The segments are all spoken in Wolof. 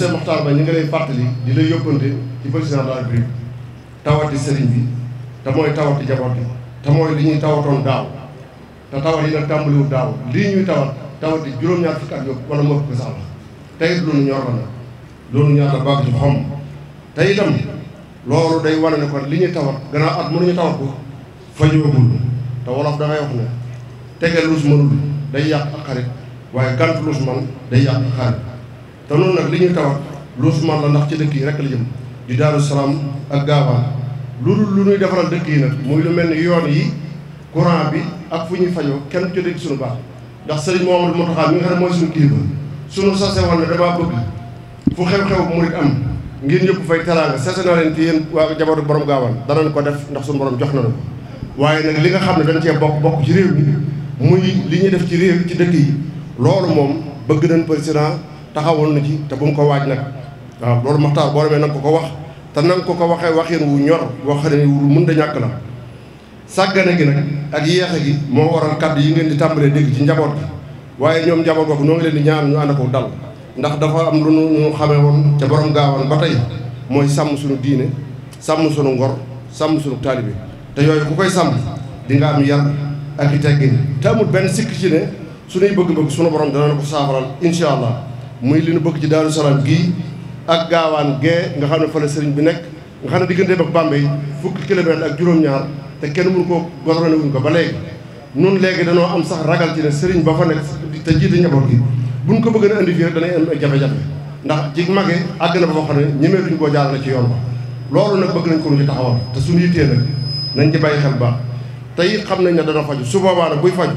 Cheikh Mokhtar Ba ñu ngi lay fàttali di lay yóbbante ci président de la République tawati sëriñ bi te mooy tawati jaboot bi te mooy li ñuy tawatoon daaw te tawat yi nag tàmbaliwul daaw lii ñuy tawat tawati juróom-ñaar fukki at yóbbu wala moo ko sax la tey loolu ñor la nag loolu day wane ne li ñuy tawat gannaaw at mënuñu tawat ko fajoogul te wolof dafay wax luus mënul day yàq ak xarit waaye gant luus man day yàq xarit te loolu nag li ñuy ñu tawat loosement la ndax ci dëkk yi rek la jëm di Daaru Salaam ak Gaawaan loolu lu ñuy defaral dëkk yi nag muy lu mel ni yoon yi courant bi ak fu ñuy fajoo kenn ci dëkk suñu baax ndax sëriñ Mouhamadou Mountakha mi nga xam ne mooy suñu kilifa suñu sase woon ne damaa bëgg fu xew-xew bu am ngir ñëpp fay teraanga sase leen ci yéen waa jabaru borom Gaawaan danañ ko def ndax suñu borom jox na ko waaye nag li nga xam ne dañ cee bokk bokk ci réew mi muy ñuy def ci ci dëkk yi loolu moom bëgg nañ président taxawoon na ci te bu ko waj nak waaw loolu maxtaar bo demee na ko ko wax te nang ko ko waxee waxin wu ñor bo xalé wu mun da ñak la sàggane gi nak ak yeexe gi mo waral kàddu yi ngeen di tàmbalee dégg ci njabot gi waaye ñoom njaboot googu noo ngi leen di ñaan ñu andako dal ndax dafa am lu ñu xamé won ca borom gaawaan ba tey mooy suñu diine sam suñu ngor sam suñu talibé te yoy ku koy sam di nga am yar ak i teggin te amul ci ne suñu bëgg-bëgg suñu borom dana ko safaral inshallah allah muy li nu bëgg ci Daaru Salaam gii ak gaawaan gee nga xam ne fa la sëriñ bi nekk nga xam ne digganteem ak Bambey fukki kilomètre ak juróom-ñaar te kenn mënu ko goudronné wuñ ko ba léegi nun léegi danoo am sax ragal ci ne sëriñ ba fa nekk te jiite njaboot gi buñ ko bëgg a indi fii rek danay am ay jafe-jafe ndax ci mage àgg na ba xam ne ñemeetuñ koo jaarale ci yoon ba loolu nag bëgg nañ ko ñu ci taxawal te suñu yittee nag nañ ci bàyyi xel baax tey xam nañ ne dana faju su boobaa nag buy faju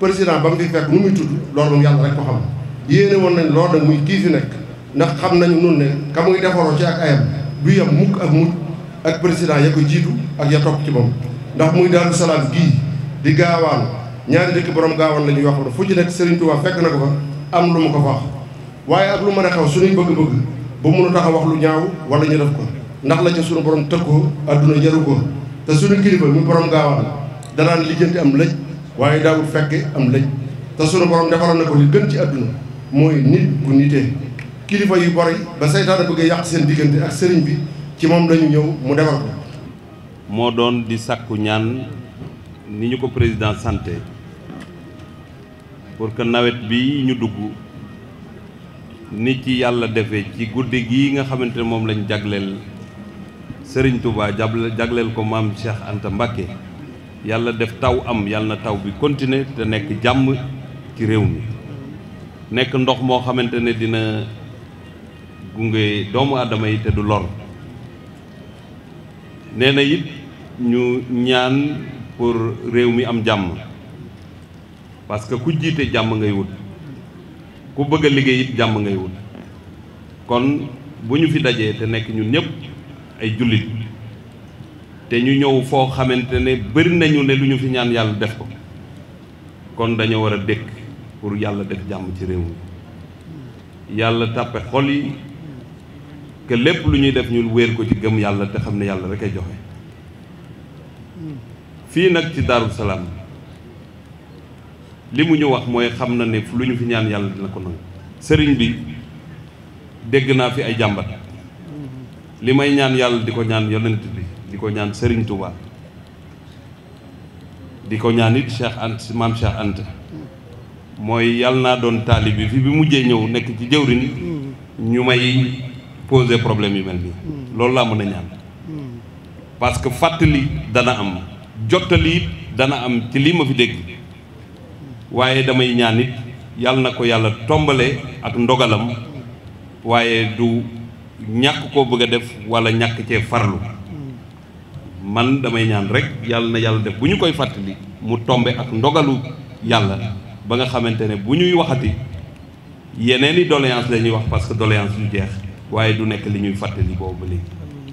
président ba mu fi fekk yàlla rek ko xam yéene woon nañ loo nag muy kii fi nekk ndax xam nañu noonu ne ka muy defaroo ci ak ayam du yem mukk ak mujj ak président ya ko jiitu ak ya topp ci moom ndax muy Daaru Salaam gii di gaawaan ñaari dëkk borom gaawaan la ñuy wax fu ci nekk Serigne Touba fekk na ko fa am lu ma ko fa wax waaye ak lu mën a xaw suñuy bëgg-bëgg bu mënu tax a wax lu ñaaw wala ñu def ko ndax la ca sunu borom tëkkoo adduna jaru ko te suñu kilifa muy borom gaawaan danaan lijjanti am lëj waaye daawul fekke am lëj te suñu borom defaloon na ko li gën ci adduna mooy nit bu nitee kilifa yu bari ba seytaane bëgg a yàq seen diggante ak sëriñ bi ci moom lañu ñëw mu defar ko moo doon di sàkku ñaan ni ñu ko président sante pour que nawet bi ñu dugg nit ci yàlla defee ci guddi gi nga xamante ne moom lañ jagleel sëriñ jable jagleel ko maam Cheikh Anta Mbacké yàlla def taw am yàlla na taw bi continuer te nekk jàmm ci réew mi nek ndox mo xamantene dina gunge doomu adama yi té du lor néna yit ñu ñaan pour réew mi am jamm parce que ku jité jamm ngay wut ku bëgg liggéey yit jamm ngay wut kon buñu fi dajé te nek ñun ñëpp ay julit te ñu ñëw fo xamantene bëri nañu ne luñu fi ñaan yalla def ko kon dañu wara dek. dékk pour yalla def jamm ci réew yalla tapé xol yi ke lepp lu ñuy def ñun wër ko ci gëm yalla te xam yalla yàlla rek ay joxe fi nak ci Daaru salam limu ñu wax moy xamna na ne lu ñu fi ñaan yalla dina ko nang sëriñ bi dégg na fi ay jambat limay ñaan yalla di ko ñaan yonent bi di ko ñaan sëriñ Touba di ko ñaan nit Cheikh ant mam Cheikh Anta mooy yàlla naa doon taalib bi fi bi mujjee ñëw nekk ci jëwrin ñu may poser problème yu mel nii hmm. loolu laa mën a ñaan hmm. parce que fàttali dana am jottali it dana am ci lii ma fi dégg waaye damay ñaan it yàlla na ko yàlla tombale ak ndogalam waaye du ñàkk koo bëgg a def wala ñàkk cee farlu hmm. man damay ñaan rek yàlla na yàlla def bu ñu koy fàttali mu tombe ak ndogalu yàlla ba nga xamante ne bu ñuy waxati yeneen i doléance la ñuy wax parce que doléance yu jeex waaye du nekk li ñuy fàttali boobu ba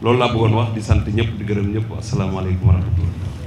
loolu laa bëggoon wax di sant ñëpp di gërëm ñëpp asalaamaaleykum wa rahmatullah